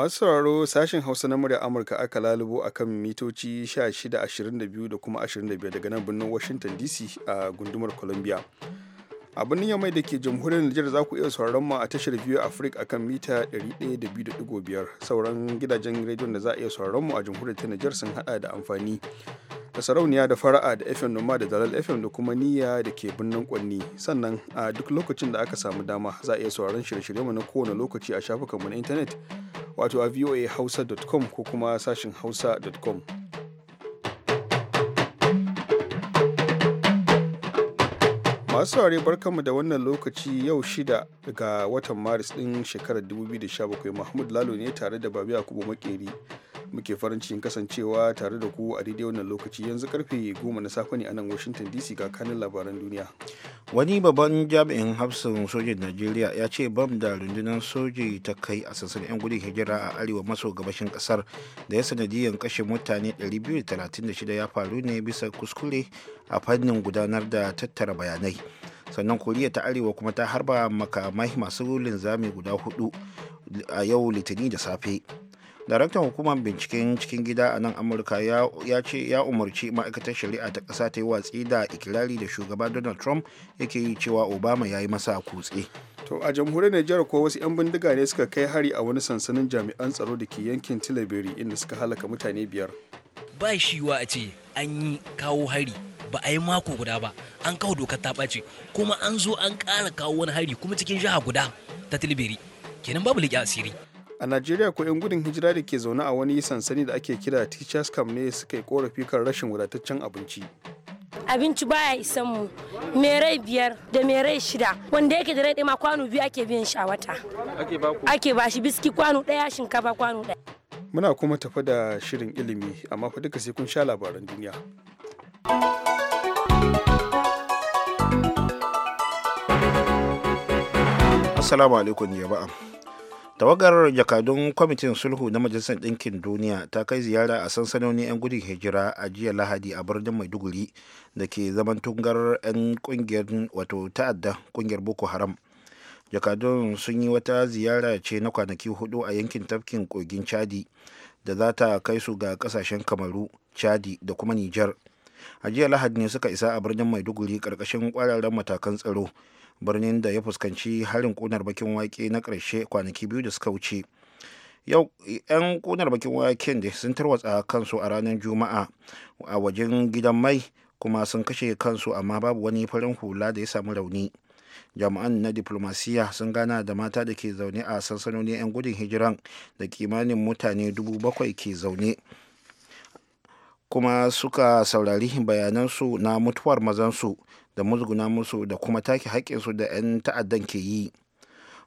masu sauraro sashen hausa na murya amurka aka lalubo a kan mitoci 1622 da kuma 25 daga nan birnin washington dc a gundumar columbia a birnin yamai da ke jamhuriyar nijar za ku iya sauraron mu a tashar biyu afirka a kan mita 102.5 sauran gidajen rediyon da za a iya sauraron mu a jamhuriyar ta nijar sun hada da amfani da sarauniya da fara'a da fm noma da dalal fm da kuma niyya da ke birnin kwanni sannan a duk lokacin da aka samu dama za a iya sauraron shirye-shiryen mu na kowane lokaci a shafukanmu na intanet wato a voahausa.com ko kuma sashin hausa.com masu saurari barkanmu da wannan lokaci yau shida ga watan maris din shekarar 2017 mahmud lalo ne tare da babu yakubu makeri muke farin cikin kasancewa tare da ku a daidai wannan lokaci yanzu karfe goma na safe ne a nan washington dc ga kanin labaran duniya wani babban jami'in hafsin sojin najeriya ya ce bam da rundunar soji ta kai a sassan 'yan gudun hijira a arewa maso gabashin kasar da ya sanadiyyar kashe mutane 236 ya faru ne bisa kuskure a fannin gudanar da tattara bayanai sannan koriya ta arewa kuma ta harba makamai masu linzami guda hudu a yau litinin da safe daraktan hukumar binciken cikin gida a nan amurka ya ce ya umarci ma'aikatar shari'a ta ƙasa ta yi watsi da ikirari da shugaba donald trump yake yi cewa obama ya yi masa kutse to a jamhuriyar nijar ko wasu 'yan bindiga ne suka kai hari a wani sansanin jami'an tsaro da ke yankin tilaberi inda suka halaka mutane biyar ba shiwa a ce an yi kawo hari ba a yi mako guda ba an kawo dokar ta ɓace kuma an zo an ƙara kawo wani hari kuma cikin jiha guda ta tilaberi kenan babu liƙi asiri a najeriya ko 'yan gudun hijira da ke zaune a wani sansani da ake kira teachers camp ne suka yi korafi kan rashin wadataccen abinci abinci baya isan mu merai biyar da merai shida wanda yake da rai ma kwano biyu ake biyan shi a wata ake ba shi biski kwano daya shinkafa kwano daya muna kuma tafi da shirin ilimi amma fa duka sai kun sha labaran duniya assalamu alaikum jama'a tawagar jakadun kwamitin sulhu na majalisar ɗinkin duniya ta kai ziyara a sansanoni 'yan gudun hijira a jiya lahadi a birnin maiduguri da ke zaman tungar 'yan kungiyar wato ta'adda kungiyar boko haram jakadun sun yi wata ziyara ce na kwanaki hudu a yankin tafkin kogin chadi da za ta kai su ga kasashen kamaru chadi da kuma nijar a jiya lahadi ne suka isa a birnin maiduguri ƙarƙashin kwararren matakan tsaro birnin da ya fuskanci harin kunar bakin wake na ƙarshe kwanaki biyu da suka wuce yau 'yan kunar bakin waken da sun tarwatsa kansu a ranar juma'a a wajen gidan mai kuma sun kashe kansu amma babu wani farin hula da ya samu rauni jami'an na diplomasiya sun gana da mata da ke zaune a sansanonin 'yan gudun hijiran da kimanin mutane dubu bakwai ke zaune kuma suka saurari bayanansu na mutuwar mazansu da musguna musu da kuma take su da 'yan ta'addan ke yi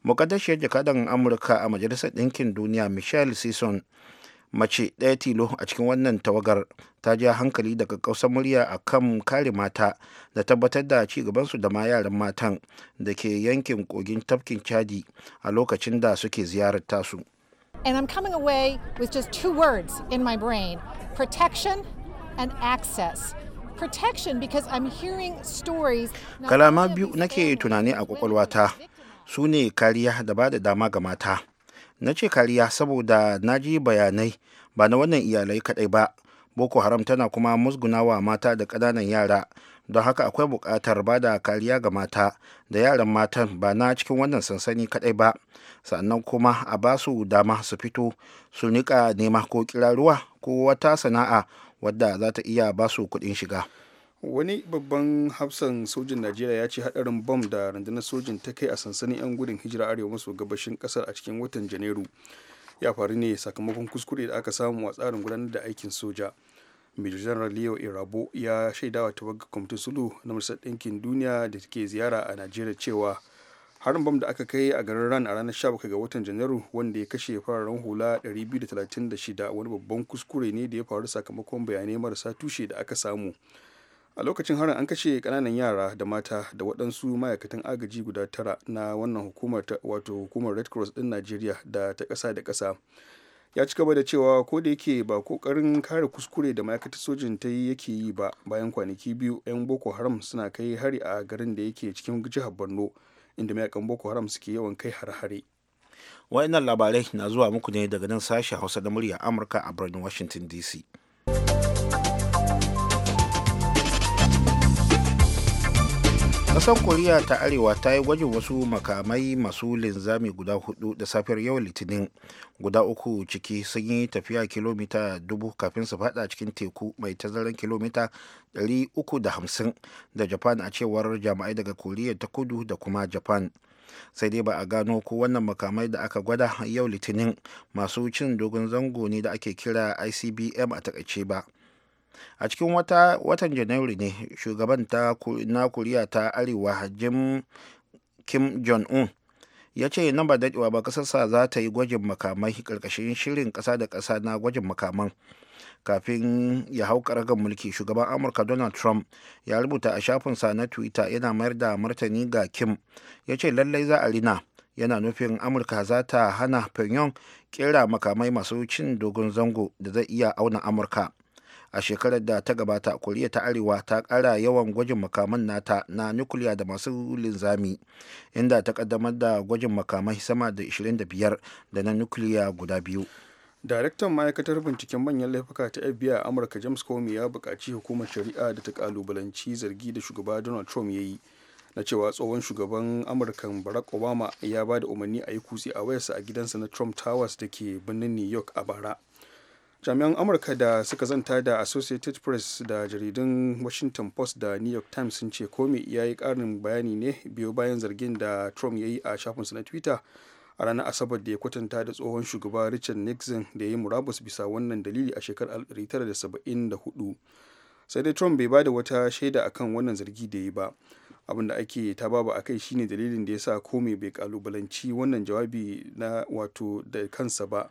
mukaddashiyar jakadan amurka a majalisar ɗinkin duniya michelle sison mace ɗaya tilo a cikin wannan tawagar ta ja hankali daga ƙausar murya a kan kare mata da tabbatar da ci gabansu da ma yaran matan da ke yankin kogin tafkin chadi a lokacin da suke ziyarar tasu and i'm coming away with just two words in my brain protection and access protection because I'm hearing stories. Kalama biyu nake tunani a kwakwalwata su ne kariya da ba da dama ga mata. Na ce kariya saboda na ji bayanai ba na wannan iyalai kaɗai ba. Boko Haram tana kuma musgunawa mata da ƙananan yara. Don haka akwai buƙatar ba da kariya ga mata da yaran matan ba na cikin wannan sansani kaɗai ba. Sannan kuma a ba su dama su fito su niƙa nema ko kiraruwa ko wata sana'a wadda za ta iya ba su kuɗin shiga wani babban hafsan sojin najeriya ya ce hadarin bom da rundunar sojin ta kai a sansanin 'yan gudun hijira arewa maso gabashin kasar a cikin watan janairu ya faru ne sakamakon kuskure da aka samu a tsarin gudanar da aikin soja major general leo irabo ya shaidawa tawagar kwamitin sulu na majalisar ɗinkin duniya da ke ziyara a najeriya cewa harin bam da aka kai a garin ran a ranar 17 ga watan janairu wanda ya kashe fararen hula 236 wani babban kuskure ne da ya faru sakamakon bayanai marasa tushe da aka samu a lokacin harin an kashe kananan yara da mata da waɗansu ma'aikatan agaji guda tara na wannan hukumar wato hukumar red cross ɗin najeriya da ta ƙasa da ƙasa ya ci gaba da cewa ko da yake ba kokarin kare kuskure da ma'aikatar sojin ta yi yake yi ba bayan kwanaki biyu 'yan boko haram suna kai hari a garin da yake cikin jihar borno inda mayakan boko haram suke yawan kai har-hare wayannan labarai na zuwa muku ne daga nan sashen hausa da murya amurka a birnin washington dc ƙasar koriya ta arewa ta yi gwajin wasu makamai masu linzami guda hudu da safiyar yau litinin guda uku ciki sun yi tafiya kilomita dubu kafin su fada cikin teku mai tazarar kilomita 350 da japan a cewar jami'ai daga koriya ta kudu da kuma japan sai dai ba a gano ko wannan makamai da aka gwada yau litinin masu cin dogon zango ne da ake kira icbm a takaice ba. a cikin watan janairu ne shugaban ta na koriya ta arewa jim kim jong-un ya ce nan ba daɗewa ba ƙasarsa za ta yi gwajin makamai ƙarƙashin shirin ƙasa da ƙasa na gwajin makaman kafin ya hau karagar mulki shugaban amurka donald trump ya rubuta a shafinsa na twitter yana mayar da martani ga kim ya ce lallai za a rina yana nufin amurka za ta hana pyongyang kera makamai masu cin dogon zango da zai iya auna amurka a shekarar da ta gabata koriya ta arewa ta kara yawan gwajin makaman nata na nukiliya da masu linzami inda ta kaddamar da gwajin makamai sama da 25 da na nukiliya guda biyu daraktan ma'aikatar binciken manyan laifuka ta fbi a amurka james comey ya buƙaci hukumar shari'a da ta kalubalanci zargi da shugaba donald trump ya yi na cewa tsohon shugaban amurkan barack obama ya ba da umarni a yi kutse a wayarsa a gidansa na trump towers da ke birnin new york a bara jami'an amurka da suka zanta da associated press da jaridun washington post da new york times sun ce komi ya yi karin bayani ne biyo bayan zargin da trump ya yi a shafinsa na twitter a ranar asabar da ya kwatanta da tsohon shugaba richard nixon da ya yi murabus bisa wannan dalili a shekarar 1974 sai dai trump bai ba da wata shaida akan wannan zargi da ya ba abin da ake ta baba a kai shine dalilin da ya sa mai bai kalubalanci wannan jawabi na wato da kansa ba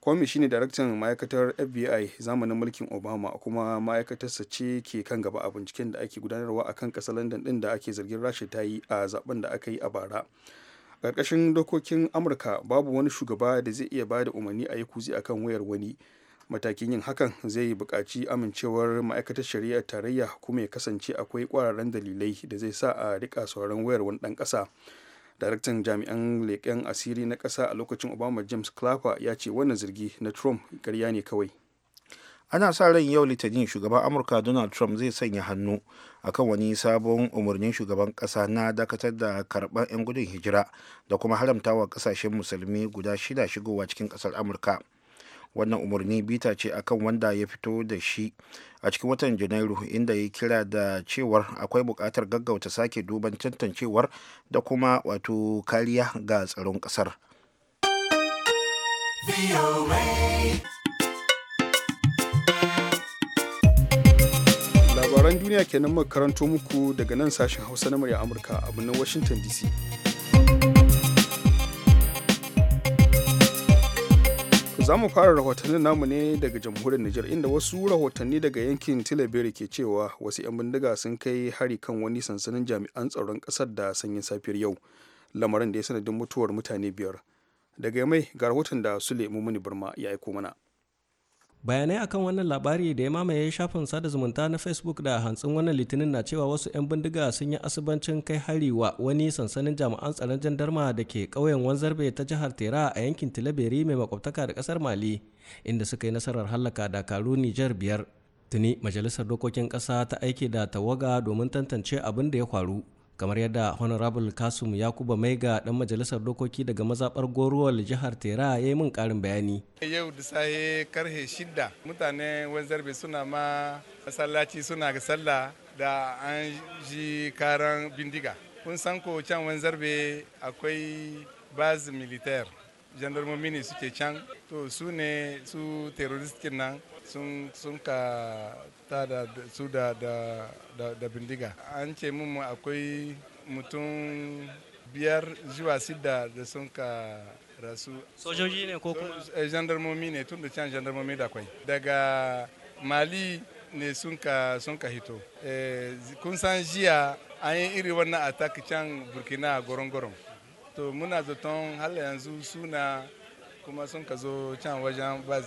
Comey shine daraktan ma'aikatar FBI zamanin mulkin Obama kuma ma'aikatarsa ce ke kan gaba a binciken da ake gudanarwa a kan ƙasar London ɗin da ake zargin Rasha ta yi a zaben da aka yi a bara. Ƙarƙashin dokokin Amurka babu wani shugaba da zai iya bada umarni a yi kuzi akan wayar wani. Matakin yin hakan zai buƙaci amincewar ma'aikatar shari'ar tarayya kuma ya kasance akwai ƙwararren dalilai da zai sa a riƙa sauran wayar wani ɗan ƙasa. daraktan jami'an leƙen asiri na ƙasa a lokacin obama james clapper ya ce wannan zargi na trump karya ne kawai ana sa ran yau litinin shugaban amurka donald trump zai sanya hannu akan wani sabon umarnin shugaban kasa na dakatar da karɓar 'yan gudun hijira da kuma haramtawa ƙasashen musulmi guda shida shigowa cikin ƙasar amurka wannan umarni bita ce akan wanda ya fito da shi a cikin watan janairu inda ya kira da cewar akwai bukatar gaggauta sake duban tantancewar da kuma wato kariya ga tsaron kasar. labaran duniya kenan makaranto karanto muku daga nan sashen hausa na murya amurka a birnin washington dc za mu fara rahotannin namu ne daga jamhuriyar Nijar inda wasu rahotanni daga yankin Tilaberi ke cewa wasu 'yan bindiga sun kai hari kan wani sansanin jami'an tsaron ƙasar da sanyin safiyar yau lamarin da ya sanadin mutuwar mutane biyar daga mai ga rahoton da Sule Mumuni Burma ya aiko mana. bayanai akan wannan labari da ya mamaye shafin sada zumunta na facebook da hantsin wannan litinin na cewa wasu 'yan bindiga sun yi asibancin kai hari wa wani sansanin jami'an tsaron jandarma da ke ƙauyen wanzarbe ta jihar tera a yankin tilaberi mai makwabtaka da ƙasar mali inda suka yi nasarar hallaka dakaru nijar biyar tuni majalisar dokokin ƙasa ta aiki da tawaga domin tantance abin da ya faru kamar yadda honorable kasum yakuba maiga dan majalisar dokoki daga mazabar goruwar jihar tera ya yi min karin bayani yau da saye karhe shida mutane wanzarbe suna ma masallaci suna ga sallah da an ji karan bindiga kun san ko can wanzarbe akwai bazi militaire jandarmomi ne suke can to su ne su terrorist nan sun ka ta da su da, da, bindiga an ce mu akwai mutum biyar zuwa sida da sun ka rasu sojoji ne ko kuma jandarmomi eh, ne tun da can jandarmomi da kwai daga mali ne sun ka sun ka hito eh, kun san jiya an yi iri wannan attack can burkina goron-goron to muna zaton har yanzu suna kuma sun ka zo can wajen baz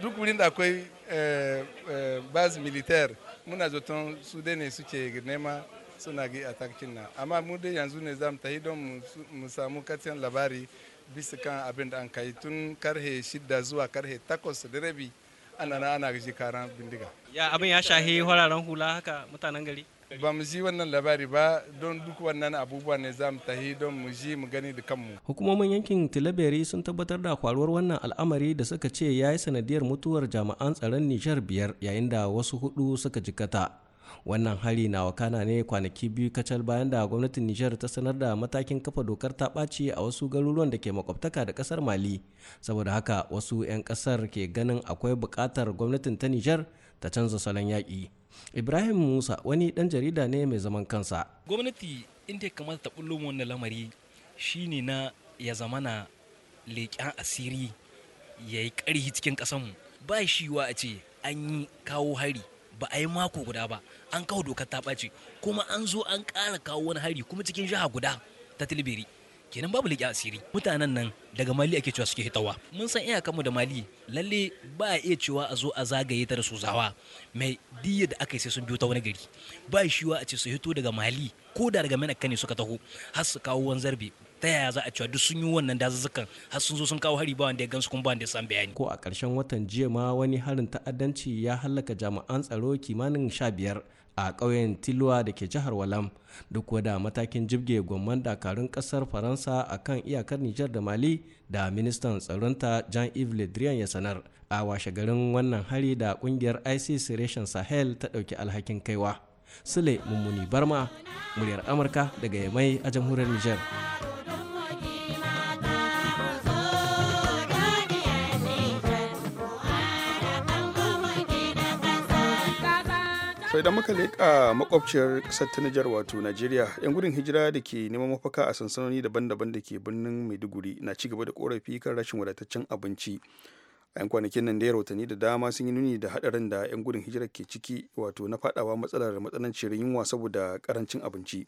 duk wurin da akwai eh, eh, baz militar muna zaton su dai ne suke nema suna gi takcin nan amma mu dai yanzu ne za mu tafi don mu samu katin labari bisa kan abin da an kai tun karhe shida zuwa karhe takwas da rabi ana na ana gaji karan bindiga ya abin ya shahi wararen hula haka mutanen gari ba mu ji wannan labari ba don duk wannan abubuwa ne za mu tahi don mu ji mu gani da kanmu. Hukumomin yankin Tilaberi sun tabbatar da kwaruwar wannan al'amari da suka ce ya yi sanadiyar mutuwar jami'an tsaron Nijar biyar yayin da wasu hudu suka jikata. Wannan hari na wakana ne kwanaki biyu kacal bayan da gwamnatin Nijar ta sanar da matakin kafa dokar ta ɓaci a wasu garuruwan da ke makwabtaka da ƙasar Mali. Saboda haka wasu 'yan ƙasar ke ganin akwai buƙatar gwamnatin ta Nijar ta canza salon yaƙi. Ibrahim Musa wani ɗan jarida ne mai zaman kansa. Gwamnati inda kamata ta bullo wannan lamari shine na ya zama na leƙen asiri ya yi ƙarhi cikin ƙasanmu. Ba shiwa a ce an yi kawo hari ba a yi mako guda ba an kawo dokar ta ɓace kuma an zo an ƙara kawo wani hari kuma cikin jiha guda ta tilbiri kenan babu liƙi asiri mutanen nan daga mali ake cewa suke hitawa mun san iya mu da mali lalle ba a iya cewa a zo a zagaye ta da su zawa mai diya da aka yi sai sun biyo ta wani gari ba wa a ce su hito daga mali ko da daga menaka ne suka taho har su kawo wani zarbe ta yaya za a cewa duk sun yi wannan dazuzzukan har sun zo sun kawo hari ba wanda ya gansu kuma ba wanda ya san bayani ko a ƙarshen watan jiya ma wani harin ta'addanci ya hallaka jami'an tsaro kimanin sha biyar a ƙauyen tilwa da ke jihar walam duk da matakin jibge gwamman dakarun ƙasar faransa a kan iyakar nijar da mali da ministan tsaronta jean yves le drian ya sanar a washe garin wannan hari da ƙungiyar isis reshen sahel ta ɗauki alhakin kaiwa sule mummuni barma muryar amurka daga yamai a jamhuriyar nijar to idan muka leƙa makwabciyar ƙasar ta Nijar wato Najeriya yan gudun hijira da ke neman mafaka a sansanoni daban-daban da ke birnin Maiduguri na ci gaba da korafi kan rashin wadataccen abinci a yan kwanakin nan da rautani da dama sun yi nuni da haɗarin da yan gudun hijira ke ciki wato na faɗawa matsalar matsananciyar yunwa saboda karancin abinci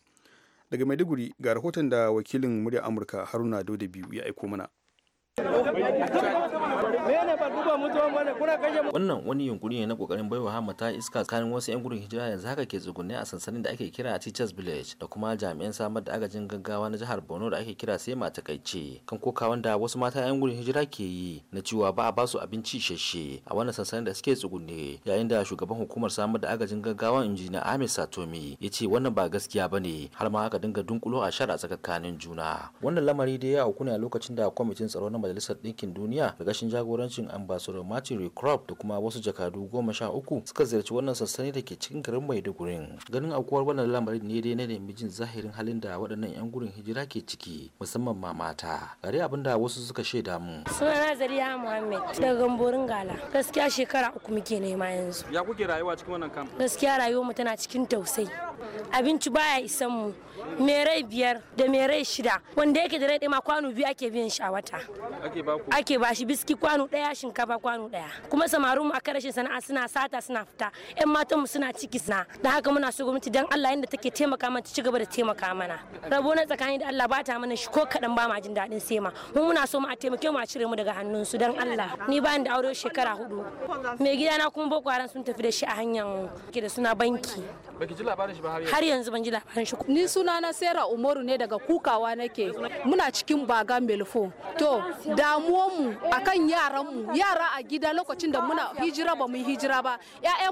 daga Maiduguri ga rahoton da wakilin murya Amurka Haruna Dodo biyu ya aiko mana wannan wani yunkuri ne na kokarin baiwa hamata iska tsakanin wasu yan gudun hijira yanzu haka ke tsugunne a sansanin da ake kira a Teachers Village da kuma jami'an samar da agajin gaggawa na jihar Borno da ake kira sai mata kaice kan koka wanda wasu mata yan gurin hijira ke yi na cewa ba a basu abinci shashe a wannan sansanin da suke tsugunne yayin da shugaban hukumar samar da agajin gaggawa injiniya Ahmed Satomi ya ce wannan ba gaskiya ba ne har ma aka dinga dunkulo a shara tsakanin juna wannan lamari da ya auku ne a lokacin da kwamitin tsaro na majalisar ɗinkin duniya da gashin jago jagorancin ambassador martin recrop da kuma wasu jakadu goma sha uku suka ziyarci wannan sassani da ke cikin garin maiduguri ganin aukuwar wannan lamarin ne dai na nemi jin zahirin halin da waɗannan 'yan gurin hijira ke ciki musamman ma mata gare abin da wasu suka shaida mu sunana zariya Muhammad daga gamborin gala gaskiya shekara uku muke nema yanzu ya kuke rayuwa cikin wannan kamp gaskiya rayuwar mu tana cikin tausayi abinci baya isan mu merai rai biyar da merai rai shida wanda yake da rai ɗaya ma kwano biyu ake biyan shi a wata ake ba shi biski kwano ɗaya shinkafa kwano ɗaya kuma samarin mu a karshen sana'a suna sata suna fita yan matan mu suna ciki suna da haka muna so gwamnati dan Allah yanda take taimaka mana ta cigaba da taimaka mana rabo na tsakani da Allah ba ta mana shi ko kaɗan ba ma jin daɗin ma mu muna so mu a taimake mu a cire mu daga hannun su dan Allah ni bayan da aure shekara hudu mai gidana kuma boko haram sun tafi da shi a hanyar ke da suna banki baki ji labarin shi ba har yanzu ban ji labarin shi ni suna na sera umaru ne daga kukawa nake muna cikin baga melfo to damuwanmu akan yaranmu yara a gida lokacin da muna hijira ba mu hijira ba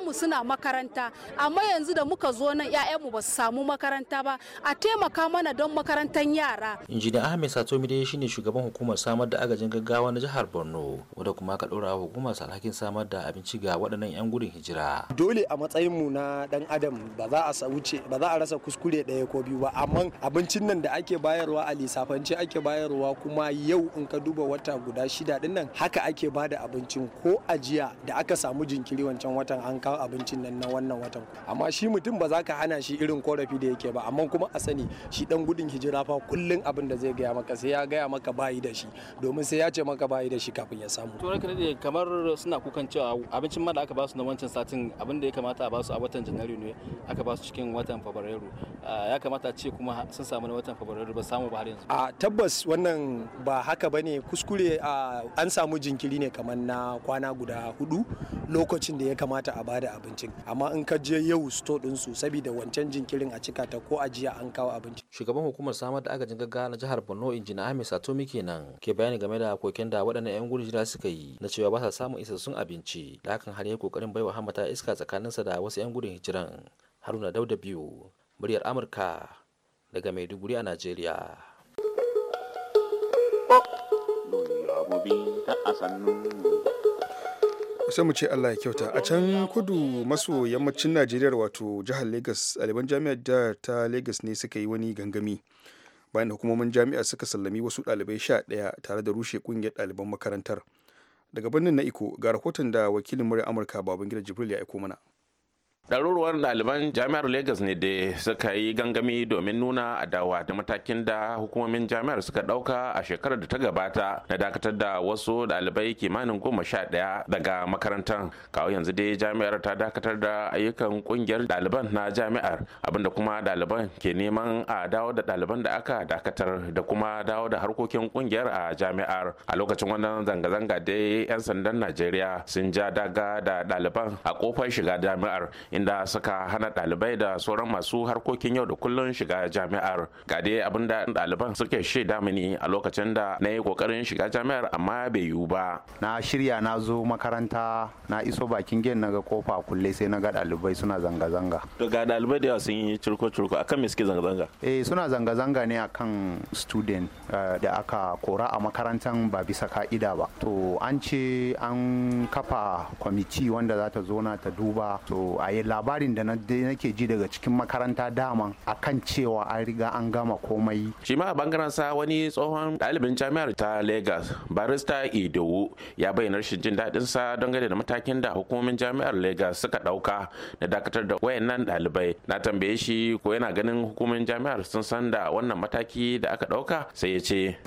mu suna makaranta amma yanzu da muka zo nan mu ba su samu makaranta ba a taimaka mana don makarantar yara injiniya ahmed satomi dai shine shugaban hukumar samar da agajin gaggawa na jihar borno wanda kuma ka dora hukumar alhakin samar da abinci ga waɗannan 'yan gudun hijira dole a matsayin mu na dan adam ba za a wuce ba za a rasa kuskure ɗaya ko biyu ba amma abincin nan da ake bayarwa a lissafance ake bayarwa kuma yau in ka duba wata guda shida din nan haka ake ba da abincin ko ajiya da aka samu jinkiri wancan watan an kawo abincin nan na wannan watan amma shi mutum ba za ka hana shi irin korafi da yake ba amma kuma a sani shi dan gudun hijira fa kullun abin da zai gaya maka sai ya gaya maka bayi da shi domin sai ya ce maka bayi da shi kafin ya samu to ne kamar suna kukan cewa abincin ma da aka basu na wancan satin abin da ya kamata a basu a watan janairu ne aka basu cikin watan fabrairu ah, ya kamata ce ce kuma sun samu watan fabrairu ba samu ba har yanzu a tabbas wannan ba haka bane kuskure an samu jinkiri ne kamar na kwana guda hudu lokacin da ya kamata a bada abincin amma in ka je yau store din su saboda wancan jinkirin a cika ta ko a jiya an kawo abinci shugaban hukumar samar da agajin gaggawa na jihar Borno injina Ahmed Satomi kenan ke bayani game da koken da waɗannan 'yan gudun jira suka yi na cewa ba sa samun isassun abinci da hakan har yayi kokarin baiwa hamata iska tsakaninsa da wasu 'yan gudun hijiran Haruna Dauda biyu muryar Amurka daga Maiduguri a Najeriya. sai mu ce Allah ya kyauta a can kudu maso yammacin Najeriya wato jihar Lagos ɗaliban jami'ar jihar ta Lagos ne suka yi wani gangami bayan hukumomin jami'a suka sallami wasu ɗalibai sha ɗaya tare da rushe ƙungiyar ɗaliban makarantar daga birnin na iko ga rahoton da wakilin murya Amurka Babangida Jibril ya aiko mana. ɗaruruwar ɗaliban jami'ar lagos ne da suka yi gangami domin nuna adawa da matakin da hukumomin jami'ar suka ɗauka a shekarar da ta gabata na dakatar da wasu ɗalibai kimanin goma sha ɗaya daga makarantar kawo yanzu dai jami'ar ta dakatar da ayyukan ƙungiyar ɗaliban na jami'ar abinda kuma ɗaliban ke neman a dawo da ɗaliban da aka dakatar da kuma dawo da harkokin ƙungiyar a jami'ar a lokacin wannan zanga-zanga dai 'yan sandan najeriya sun ja daga da ɗaliban a kofar shiga jami'ar inda suka hana dalibai da sauran masu harkokin yau da kullun shiga jami'ar ga dai abin da ɗaliban suke shaida mini a lokacin da na yi ƙoƙarin shiga jami'ar amma bai yiwu ba na shirya na zo makaranta na iso bakin gen na ga kofa kulle sai na ga ɗalibai suna zanga-zanga to ga ɗalibai da yawa sun yi curko-curko akan me suke zanga-zanga eh suna zanga-zanga ne akan student eh, da aka kora a makarantar ba bisa ka'ida ba to an ce an kafa kwamiti wanda za ta zo na ta duba to a yi labarin da nake ji daga cikin makaranta daman akan cewa an riga an gama komai shi ma a bangaren sa wani tsohon ɗalibin jami'ar ta lagos barista idowu ya bayyana rashin jin daɗin sa don gane da matakin da hukumomin jami'ar lagos suka ɗauka na dakatar da wayannan ɗalibai na tambaye shi ko yana ganin hukumomin jami'ar sun san da wannan mataki da aka ɗauka sai ya ce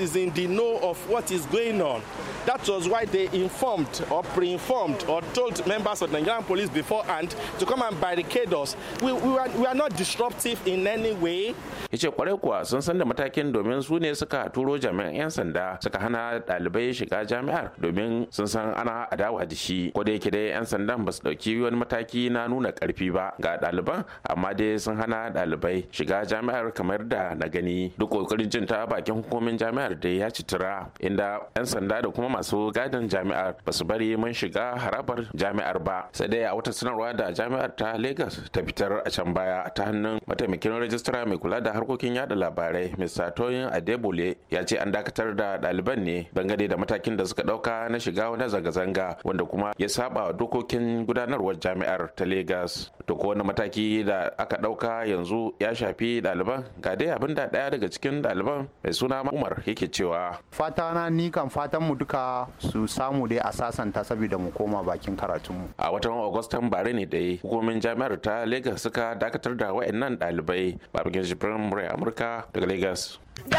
is in the know of what is going on that was why they informed or pre-informed or told members of the Nigerian police beforehand to come and barricade us we, we, are, we are not disruptive in any way ce kwarai kuwa sun san da matakin domin su ne suka turo jami'an 'yan sanda suka hana ɗalibai shiga jami'ar domin sun san ana adawa da shi ko da yake dai 'yan sanda, ba su ɗauki wani mataki na nuna ƙarfi ba ga ɗaliban amma dai sun hana ɗalibai shiga jami'ar kamar da na gani duk ƙoƙarin jin ta bakin hukumomin jami'ar da ya citira inda 'yan sanda da kuma masu gadin jami'ar ba su bari mun shiga harabar jami'ar ba sai dai a wata sanarwa da jami'ar ta Lagos ta fitar a can baya ta hannun mataimakin rajistra mai kula da harkokin yada labarai Mr. Toyin Adebole ya ce an dakatar da ɗaliban ne dangane da matakin da suka ɗauka na shiga wani zanga-zanga wanda kuma ya saba dokokin gudanarwar jami'ar ta Lagos. To ko wani mataki da aka ɗauka yanzu ya shafi ɗaliban ga dai abin da ɗaya daga cikin ɗaliban mai suna Umar yake cewa. Fata na ni kan fatan mu duka su samu dai a sasanta saboda mu koma bakin karatunmu. A watan Agustan bare ne da dai jami'ar ta Legas suka dakatar da wayannan ɗalibai babangin jibirin murai amurka daga lagos da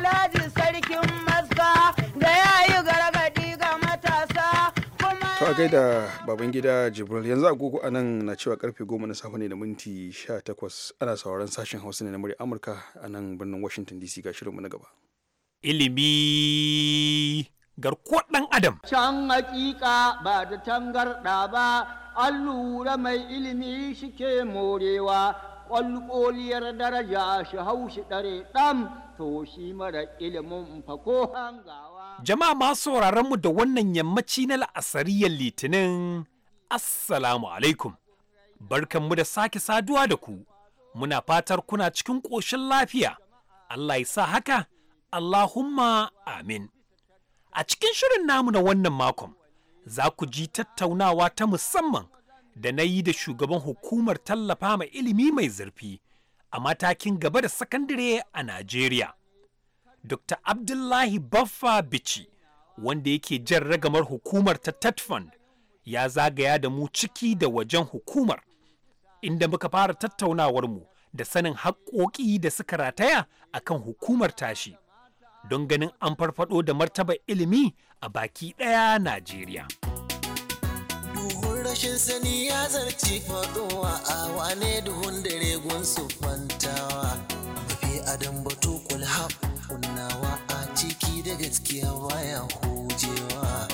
alhaji sarkin masa da ya yi gargadi ga matasa to a gaida baban gida jibril yanzu agogo a nan na cewa karfe goma na safe ne da minti 18 ana sauraron sashen hausa ne na murya amurka a nan birnin washington dc ga shirinmu na gaba ilimi garkuwar ɗan adam. Can hakika ba da tangarɗa ba, an lura mai ilimi shi ke morewa, ƙwalƙoliyar daraja shi haushi ɗare ɗan, to shi mara ilimin ko hangawa. Jama'a ma sauraron mu da wannan yammaci na la'asariyar litinin, Assalamu alaikum. mu da sake saduwa da ku, muna fatar kuna cikin ƙoshin lafiya. Allah ya sa haka, Allahumma amin. A cikin shirin namu na wannan makon, za ku ji tattaunawa ta musamman da na yi da shugaban hukumar tallafa ma ilimi mai zurfi a matakin gaba da sakandare a Najeriya. Dr. Abdullahi Baffa Bichi, wanda yake jan ragamar hukumar ta Tetfund, ya zagaya da mu ciki da wajen hukumar, inda muka fara tattaunawarmu da sanin haƙoƙi da suka rataya a kan hukumar tashi. don ganin an farfado da martabar ilimi a baki ɗaya Najeriya. Duhun rashin sani ya zarci faɗowa a wane duhun dare gunsu fantawa. Mafi adam batu kulhaf kunnawa a ciki da gaskiya baya hujewa.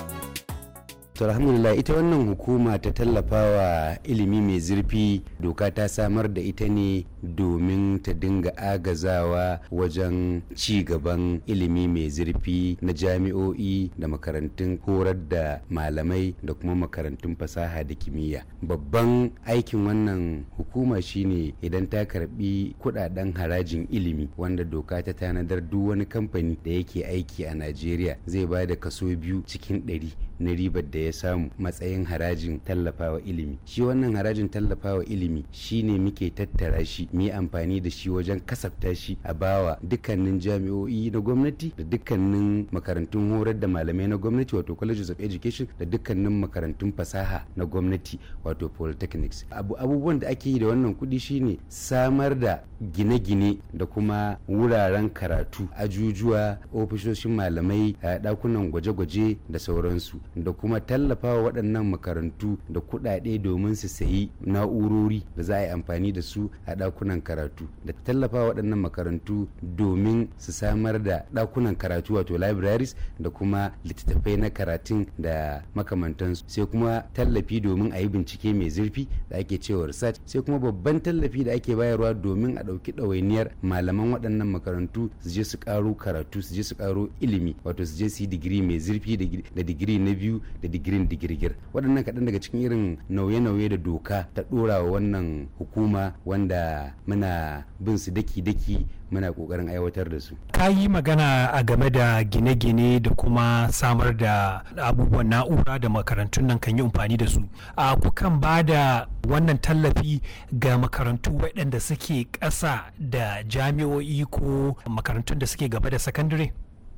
to alhamdulillah ita wannan hukuma ta tallafawa ilimi mai zurfi doka ta samar da ita ne domin ta dinga agazawa wajen ci gaban ilimi mai zurfi na jami'o'i da makarantun horar da malamai da kuma makarantun fasaha da kimiyya babban aikin wannan hukuma shine idan ta karbi kudaden harajin ilimi wanda doka ta tanadar duk wani kamfani da yake aiki a najeriya zai ba da kaso biyu cikin ɗari na ribar da ya samu matsayin harajin tallafawa ilimi shi wannan harajin tallafawa ilimi shine muke tattara shi mu yi amfani da shi wajen kasafta shi a bawa dukkanin jami'o'i na gwamnati da dukkanin makarantun horar da malamai na gwamnati wato colleges of education da dukkanin makarantun fasaha na gwamnati wato polytechnics abu abubuwan da ake yi da wannan kuɗi shine samar da gine-gine da kuma wuraren karatu ajujuwa ofishoshin malamai eh, ɗakunan gwaje-gwaje da sauransu da kuma tallafawa waɗannan makarantu da kuɗaɗe domin su sayi na'urori da za a yi amfani da su a ɗakunan ɗakunan karatu da tallafa waɗannan makarantu domin su samar da ɗakunan karatu wato libraries da kuma littattafai na karatun da makamantansu sai kuma tallafi domin a yi bincike mai zurfi da ake cewa research sai kuma babban tallafi da ake bayarwa domin a ɗauki ɗawainiyar malaman waɗannan makarantu su je su ƙaro karatu su je su ƙaro ilimi wato su je su yi digiri mai zurfi da digiri na biyu da digirin digirgir waɗannan kaɗan daga cikin irin nauye-nauye da doka ta ɗora wa wannan hukuma wanda muna bin su daki-daki muna kokarin aiwatar da su ka yi magana a game da gine-gine da kuma samar da abubuwan na'ura da makarantun nan kan yi amfani da su a kukan ba da wannan tallafi ga makarantu waɗanda suke ƙasa da jami'o'i ko makarantun da suke gaba da sakandare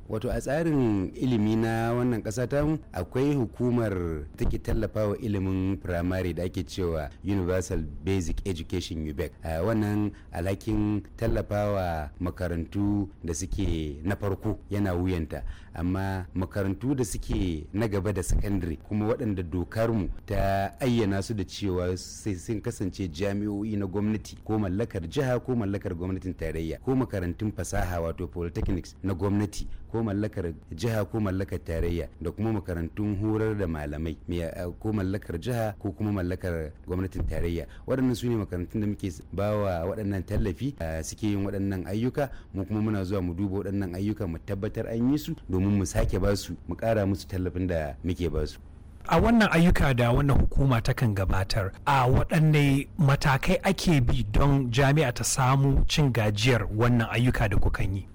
wato a tsarin ilimi na wannan ƙasa ta akwai hukumar take tallafawa ilimin firamare da ake cewa universal basic education ubec a wannan alhakin tallafawa makarantu da suke na farko yana wuyanta amma makarantu da suke na gaba da secondary kuma waɗanda dokar mu ta ayyana su da cewa sai sun kasance jami'o'i na gwamnati ko mallakar jiha ko mallakar gwamnatin tarayya ko makarantun fasaha wato polytechnics na gwamnati ko mallakar jiha ko mallakar tarayya da kuma makarantun horar da malamai eh, ko mallakar jiha ko kuma mallakar gwamnatin tarayya waɗannan su ne makarantun da muke bawa waɗannan tallafi eh, suke yin waɗannan ayyuka mu kuma muna zuwa mu duba waɗannan ayyuka mu tabbatar an yi su domin mu sake ba su mu ƙara musu tallafin da muke ba su a wannan ayyuka da wannan hukuma takan gabatar a waɗanne matakai ake bi don jami'a ta samu cin gajiyar wannan ayyuka da kukan yi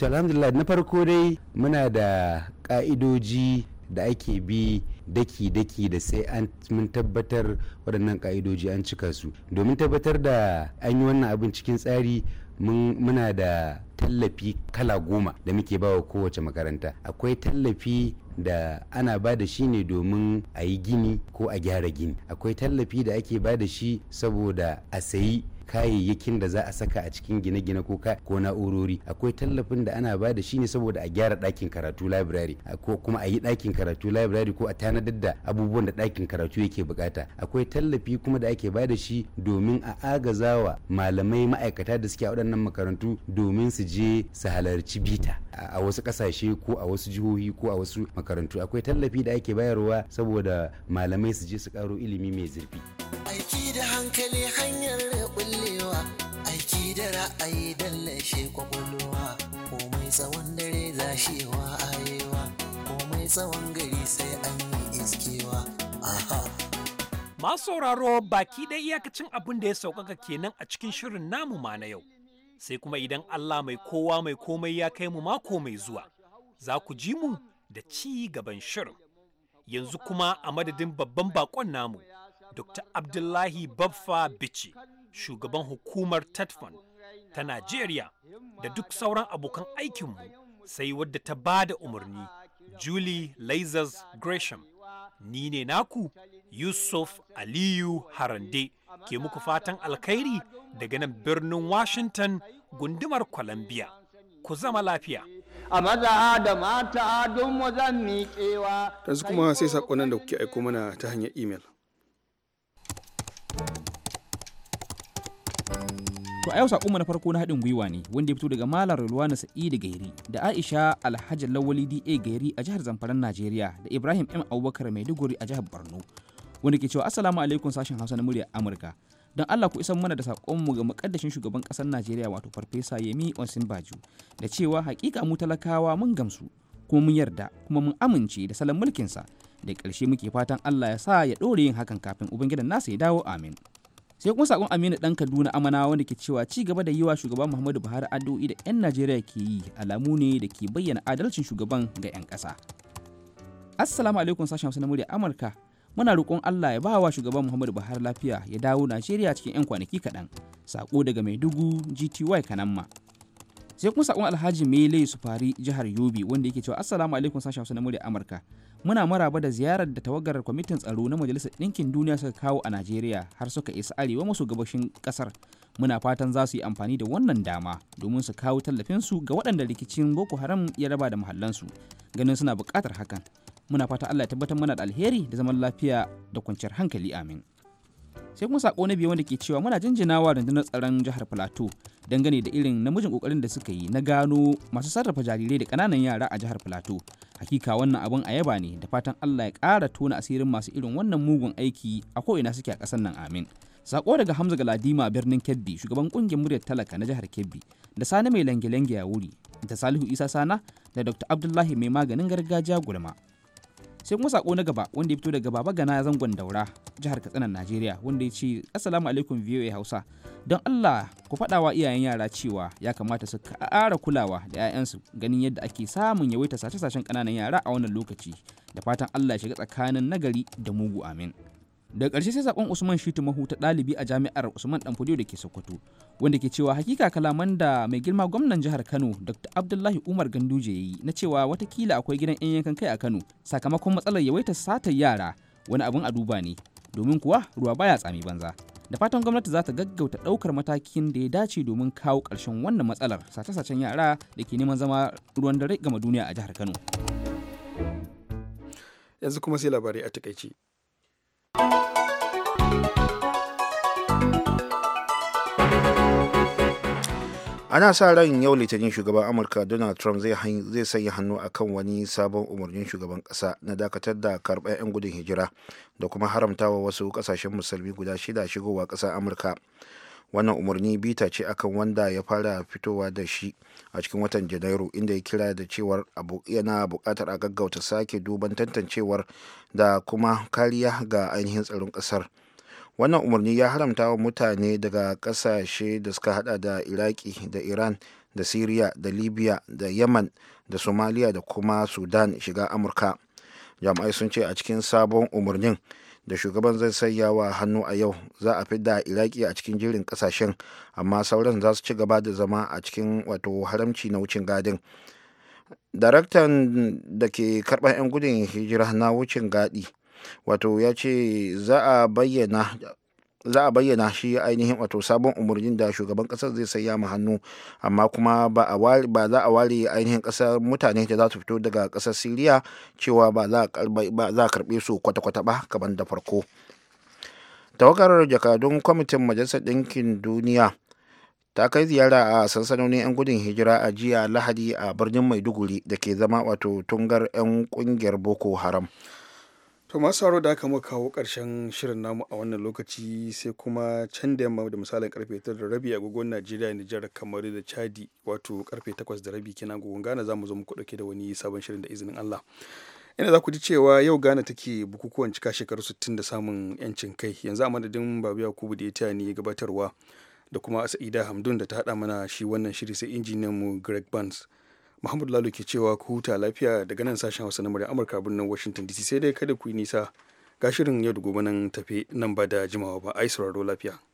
to alhamdulillah na farko dai muna da ka'idoji da ake bi daki-daki da sai an mun tabbatar waɗannan ka'idoji an cika su domin tabbatar da an yi wannan abin cikin tsari muna da tallafi kala goma da muke bawa kowace makaranta akwai tallafi da ana ba da shi ne domin a yi gini ko a gyara gini akwai tallafi da ake ba da shi saboda a sayi kayayyakin da za a saka a cikin gine-gine ko ko na'urori akwai tallafin da ana bada shine saboda a gyara ɗakin karatu library ko kuma a yi ɗakin karatu library ko a tanadar da abubuwan da ɗakin karatu yake bukata akwai tallafi kuma da ake bada shi domin a agazawa malamai ma'aikata da suke a waɗannan makarantu domin su je su halarci bita a wasu ƙasashe ko a wasu jihohi ko a wasu makarantu akwai tallafi da ake bayarwa saboda malamai su je su karo ilimi mai zurfi aiki da hankali hanyar Shi da ra'ayi dallashe kwakwalwa, komai tsawon dare zashewa arewa, komai tsawon gari sai an yi iskewa. Aha. Masu sauraro baki dai iyakacin abin da ya sauƙaƙa kenan a cikin shirin namu ma na yau. Sai kuma idan Allah mai kowa mai komai ya kai mu mako mai zuwa, za ku ji mu da ci gaban shirin. Yanzu kuma a madadin babban bakon namu, Dr. Abdullahi Baffa Bichi. shugaban hukumar tetfan ta Najeriya da duk sauran abokan aikinmu sai wadda ta ba da umarni Julie Lazars Gresham. Ni ne naku Yusuf Aliyu Harande ke muku fatan alkhairi daga nan birnin Washington gundumar Columbia. Ku zama lafiya. A maza da mata don mu zan miƙewa. Yanzu kuma sai saƙonan da kuke aiko mana ta hanyar imel. a yau sakonmu na farko na haɗin gwiwa ne wanda ya fito daga Malam na Sa'idu Gairi da Aisha Alhaji Lawali DA Gairi a jihar Zamfaran Najeriya da Ibrahim M Abubakar Maiduguri a jihar Borno wanda ke cewa Assalamu alaikum sashen Hausa na muryar Amurka. don Allah ku isan mana da sakonmu ga makaddashin shugaban ƙasar Najeriya wato Farfesa Yemi Osinbajo da cewa hakika mu talakawa mun gamsu kuma mun yarda kuma mun amince da salon mulkinsa da ƙarshe muke fatan Allah ya sa ya ɗore yin hakan kafin Ubangidan nasa ya dawo amin. sai kuma sakon aminu dan kaduna amana wanda ke cewa ci gaba da yiwa shugaban muhammadu buhari addu'o'i da 'yan najeriya ke yi alamu ne da ke bayyana adalcin shugaban ga 'yan ƙasa assalamu alaikum sashen hausa na murya amurka muna roƙon allah ya ba wa shugaban muhammadu buhari lafiya ya dawo najeriya cikin 'yan kwanaki kaɗan sako daga maiduguri gty kanamma sai kuma sakon alhaji mele sufari jihar yobe wanda yake cewa assalamu alaikum sashen hausa na murya amurka muna maraba da ziyarar da tawagar kwamitin tsaro na majalisar ɗinkin duniya suka kawo a najeriya har suka isa arewa masu gabashin ƙasar muna fatan za su yi amfani da wannan dama domin su kawo tallafinsu ga waɗanda rikicin boko haram ya raba da mahallansu ganin suna buƙatar hakan muna fata allah ya tabbatar mana da alheri da zaman lafiya da kwanciyar hankali amin sai kuma sako na biyu wanda ke cewa muna jinjinawa rundunar tsaron jihar plateau dangane da irin namijin kokarin da suka yi na gano masu sarrafa jarirai da kananan yara a jihar plateau hakika wannan abun a yaba ne da fatan allah ya ƙara tona asirin masu irin wannan mugun aiki a ko ina suke a ƙasar nan amin sako daga hamza galadima birnin kebbi shugaban kungiyar muryar talaka na jihar kebbi da sani mai lange-lange a wuri da salihu isa sana da dr abdullahi mai maganin gargajiya gulma sai kuma sako na gaba wanda ya fito daga baba gana zangon daura jihar katsina najeriya wanda ya ce assalamu alaikum voa hausa don allah ku faɗa iyayen yara cewa ya kamata su ƙara kulawa da 'ya'yansu ganin yadda ake samun yawaita sace-sacen ƙananan yara a wannan lokaci da fatan allah ya shiga tsakanin nagari da mugu amin da ƙarshe sai zaben usman shitu mahu ta ɗalibi a jami'ar usman danfodiyo da ke sokoto wanda ke cewa hakika kalaman da mai girma gwamnan jihar kano dr abdullahi umar ganduje ya yi na cewa watakila akwai gidan yan yankan kai a kano sakamakon matsalar yawaitar satar yara wani abin a duba ne domin kuwa ruwa baya tsami banza da fatan gwamnati za ta gaggauta ɗaukar matakin da ya dace domin kawo ƙarshen wannan matsalar sace-sacen yara da ke neman zama ruwan dare gama duniya a jihar kano yanzu kuma sai labarai a takaici ana sa ran yau litinin shugaban amurka donald trump zai sanya hannu akan wani sabon umarnin shugaban kasa na dakatar da karɓar 'yan gudun hijira da kuma haramtawa wasu kasashen musulmi guda shida shigowa kasa amurka wannan umarni bita ce akan wanda ya fara fitowa da shi a cikin watan janairu inda ya kira da cewar yana buƙatar a gaggauta sake duban tantancewar da kuma kariya ga ainihin tsaron kasar. wannan umarni ya haramta wa mutane daga kasashe da suka hada da iraki da iran da syria da libya da yaman da somalia da kuma sudan shiga amurka jami'ai sun ce a cikin sabon umarnin da shugaban zai sanya wa hannu a yau za a fidda iraki a cikin jirin kasashen amma sauran za su ci gaba da zama a cikin wato haramci na wucin gadin daraktan da ke karɓar 'yan gudun hijira na wucin gadi wato ya ce za a bayyana za a bayyana shi ainihin wato sabon umarnin da shugaban kasar zai sanya mu hannu amma kuma ba za a ware ainihin kasar mutane da za su fito daga kasar siriya cewa ba za a karbe su kwata-kwata ba kaban da farko tawagar jakadun kwamitin majalisar ɗinkin duniya ta kai ziyara a sansanonin 'yan gudun hijira a jiya lahadi a birnin maiduguri da ke zama wato tungar 'yan ƙungiyar boko haram To masu haro da aka mu kawo ƙarshen shirin namu a wannan lokaci sai kuma can da yamma da misalin karfe da rabi agogon Najeriya Nijar kamar da Chadi wato karfe 8 da rabi kenan agogon Ghana za mu zo muku ɗauke da wani sabon shirin da izinin Allah. Ina za ku ji cewa yau Ghana take bukukuwan cika shekaru sittin da samun yancin kai yanzu a madadin Babu Yakubu da ya taya ni gabatarwa da kuma asa'ida Hamdun da ta haɗa mana shi wannan shiri sai injiniyan mu Greg Barnes. Muhammadu Lalo ke cewa ku huta lafiya daga nan sashen Hausa na murya Amurka birnin Washington DC sai dai kada ku yi nisa ga shirin yau da gobe nan tafe nan ba da jimawa ba ai sauraro lafiya.